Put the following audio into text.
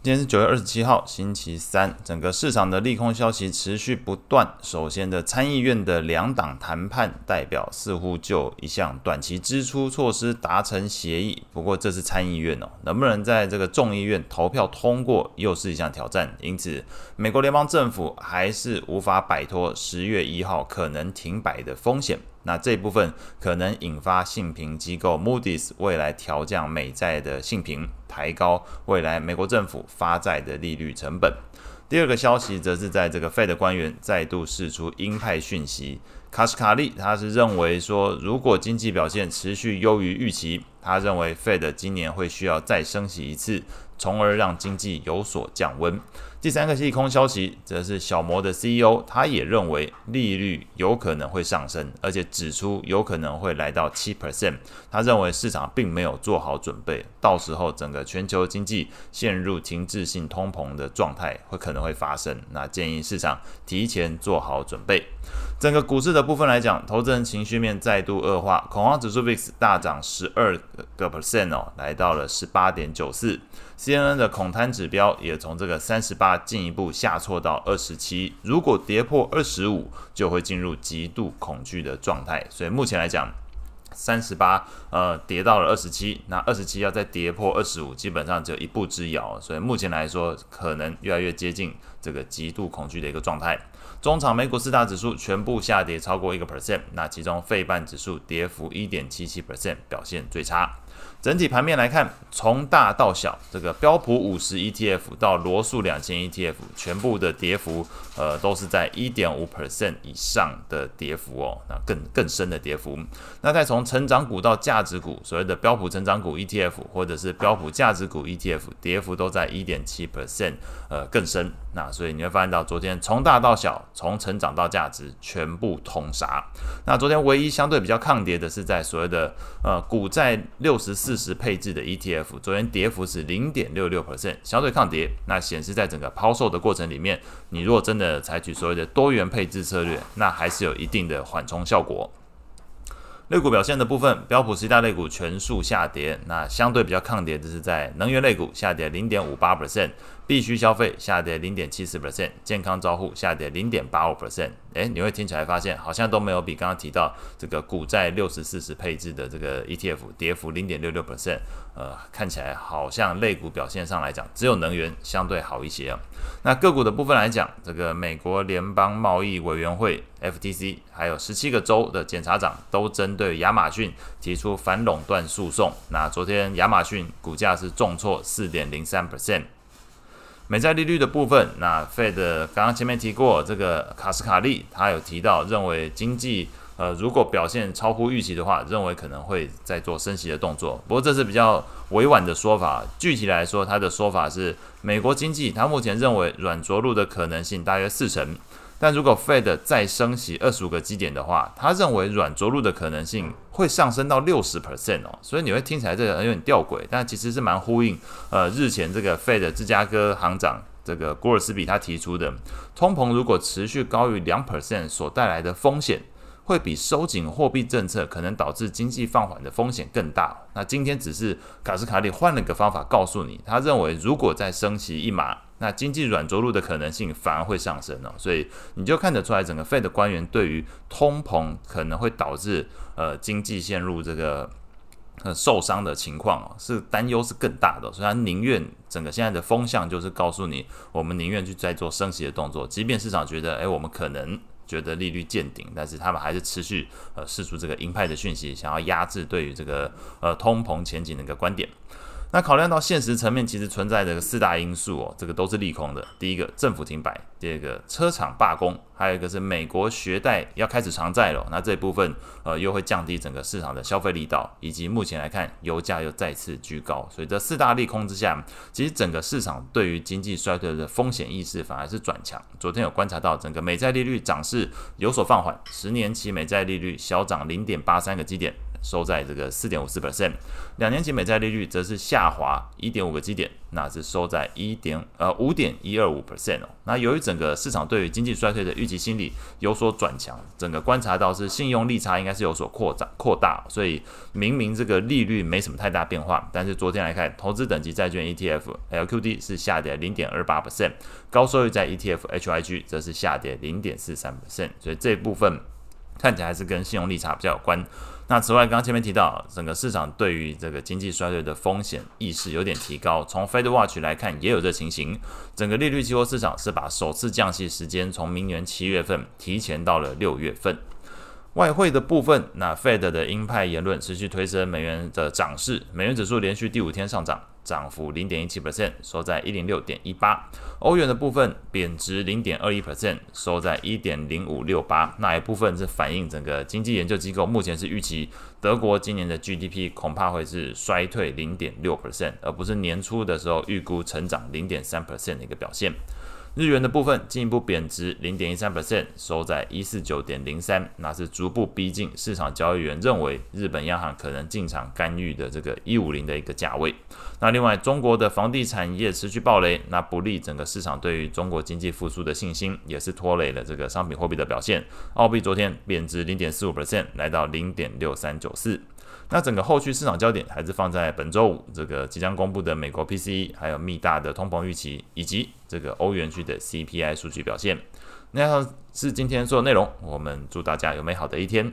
今天是九月二十七號，星期三，整個市場的利空消息持續不斷。首先，的參議院的兩黨談判代表似乎就一項短期支出措施達成協議，不過這是參議院哦，能不能在這個眾議院投票通過又是一項挑戰。因此，美國聯邦政府還是無法擺脫十月一號可能停擺的風險。那這部分可能引發信評機構 Moody's 未來調降美債的信評，抬高未來美國政府發債的利率成本。第二個消息則是在這個 Fed 官員再度釋出鷹派訊息，卡什卡利他是認為說，如果經濟表現持續優於預期，他認為 Fed 今年會需要再升息一次。從而讓經濟有所降溫。第三個利空消息，則是小摩的 CEO，他也認為利率有可能會上升，而且指出有可能會來到七 percent。他認為市場並沒有做好準備，到時候整個全球經濟陷入停滯性通膨的狀態，會可能會發生。那建議市場提前做好準備。整個股市的部分來講，投資人情緒面再度惡化，恐慌指數 VIX 大漲十二個 percent 哦，來到了十八點九四。C N N 的恐貪指標也從這個三十八進一步下挫到二十七，如果跌破二十五，就會進入極度恐懼的狀態。所以目前來講，三十八，呃，跌到了二十七，那二十七要再跌破二十五，基本上只有一步之遙。所以目前來說，可能越來越接近這個極度恐懼的一個狀態。終場美股四大指數全部下跌，超過一個 percent。那其中費半指數跌幅一點七七 percent，表現最差。整體盤面來看，從大到小，這個標普五十 ETF 到羅素兩千 ETF，全部的跌幅呃，都是在一點五 percent 以上的跌幅哦，那更更深的跌幅。那再從成長股到價值股，所謂的標普成長股 ETF 或者是標普價值股 ETF，跌幅都在一點七 percent，呃更深。那所以你會發現到昨天從大到小，從成長到價值，全部通殺。那昨天唯一相對比較抗跌的是在所謂的呃股債六十。四十配置的 ETF，昨天跌幅是零點六六 percent，相對抗跌。那顯示在整個拋售的過程裡面，你如果真的採取所謂的多元配置策略，那還是有一定的緩衝效果。類股表現的部分，標普十一大類股全數下跌，那相對比較抗跌，就是在能源類股下跌零點五八 percent。必須消費下跌零點七四 percent，健康照護下跌零點八五 percent。誒，你會聽起來發現好像都沒有比剛剛提到這個股債六十四十配置的這個 ETF 跌幅零點六六 percent。呃，看起來好像類股表現上來講，只有能源相對好一些啊。那個股的部分來講，這個美國聯邦貿易委員會 FTC 還有十七個州的檢察長都針對亞馬遜提出反壟斷訴訟。那昨天亞馬遜股價是重挫四點零三 percent。美債利率的部分，那 Fed 剛剛前面提過，這個卡斯卡利他有提到，認為經濟呃如果表現超乎預期的話，認為可能會再做升息的動作。不過這是比較委婉的說法，具體來說，他的說法是美國經濟他目前認為軟着陸的可能性大約四成。但如果 Fed 再升息二十五個基點的話，他認為軟着陸的可能性會上升到六十 percent 哦，所以你會聽起來這個很有點吊詭，但其實是蠻呼應呃日前這個 Fed 的芝加哥行長這個古爾斯比他提出的，通膨如果持續高於兩 percent 所帶來的風險，會比收緊貨幣政策可能導致經濟放緩的風險更大。那今天只是卡斯卡利換了個方法告訴你，他認為如果再升息一碼。那經濟軟着陸的可能性反而會上升哦，所以你就看得出來，整個 FED 官員對於通膨可能會導致呃經濟陷入這個、呃、受傷的情況哦，是擔憂是更大的、哦，所以他寧願整個現在的風向就是告訴你，我們寧願去再做升息的動作，即便市場覺得誒、哎，我們可能覺得利率見頂，但是他們還是持續呃釋出這個鷹派的訊息，想要壓制對於這個呃通膨前景的一個觀點。那考量到現實層面，其實存在着四大因素哦，這個都是利空的。第一個，政府停擺；第二個，車廠罷工；還有一個是美國學貸要開始償債了。那這一部分，呃，又會降低整個市場的消費力道，以及目前來看，油價又再次居高。所以這四大利空之下，其實整個市場對於經濟衰退的風險意識反而是轉強。昨天有觀察到，整個美債利率漲勢有所放緩，十年期美債利率小漲零點八三個基點。收在這個四點五四 percent，兩年期美債利率則是下滑一點五個基點，那是收在一點呃五點一二五 percent，那由於整個市場對於經濟衰退的預期心理有所轉強，整個觀察到是信用利差應該是有所擴展擴大，所以明明這個利率沒什麼太大變化，但是昨天來看，投資等級債券 ETF LQD 是下跌零點二八 percent，高收益債 ETF HYG 則是下跌零點四三 percent，所以這部分看起來還是跟信用利差比較有關。那此外，剛剛前面提到，整個市場對於這個經濟衰退的風險意識有點提高。從 Fed Watch 來看，也有這情形。整個利率期貨市場是把首次降息時間從明年七月份提前到了六月份。外匯的部分，那 Fed 的鷹派言論持續推升美元的漲勢，美元指數連續第五天上漲。漲幅零點一七 percent，收在一零六點一八。歐元的部分貶值零點二一 percent，收在一點零五六八。那一部分是反映整個經濟研究機構目前是預期德國今年的 GDP 恐怕會是衰退零點六 percent，而不是年初的時候預估成長零點三 percent 的一個表現。日元的部分進一步貶值零點一三 percent，收在一四九點零三，那是逐步逼近市場交易員認為日本央行可能進場干預的這個一五零的一個價位。那另外，中國的房地產業持續暴雷，那不利整個市場對於中國經濟復甦的信心，也是拖累了這個商品貨幣的表現。澳幣昨天貶值零點四五 percent，來到零點六三九四。那整個後續市場焦點還是放在本週五這個即將公布的美國 PCE，還有密大的通膨預期，以及這個歐元區的 CPI 數據表現。那是今天所有內容，我們祝大家有美好的一天。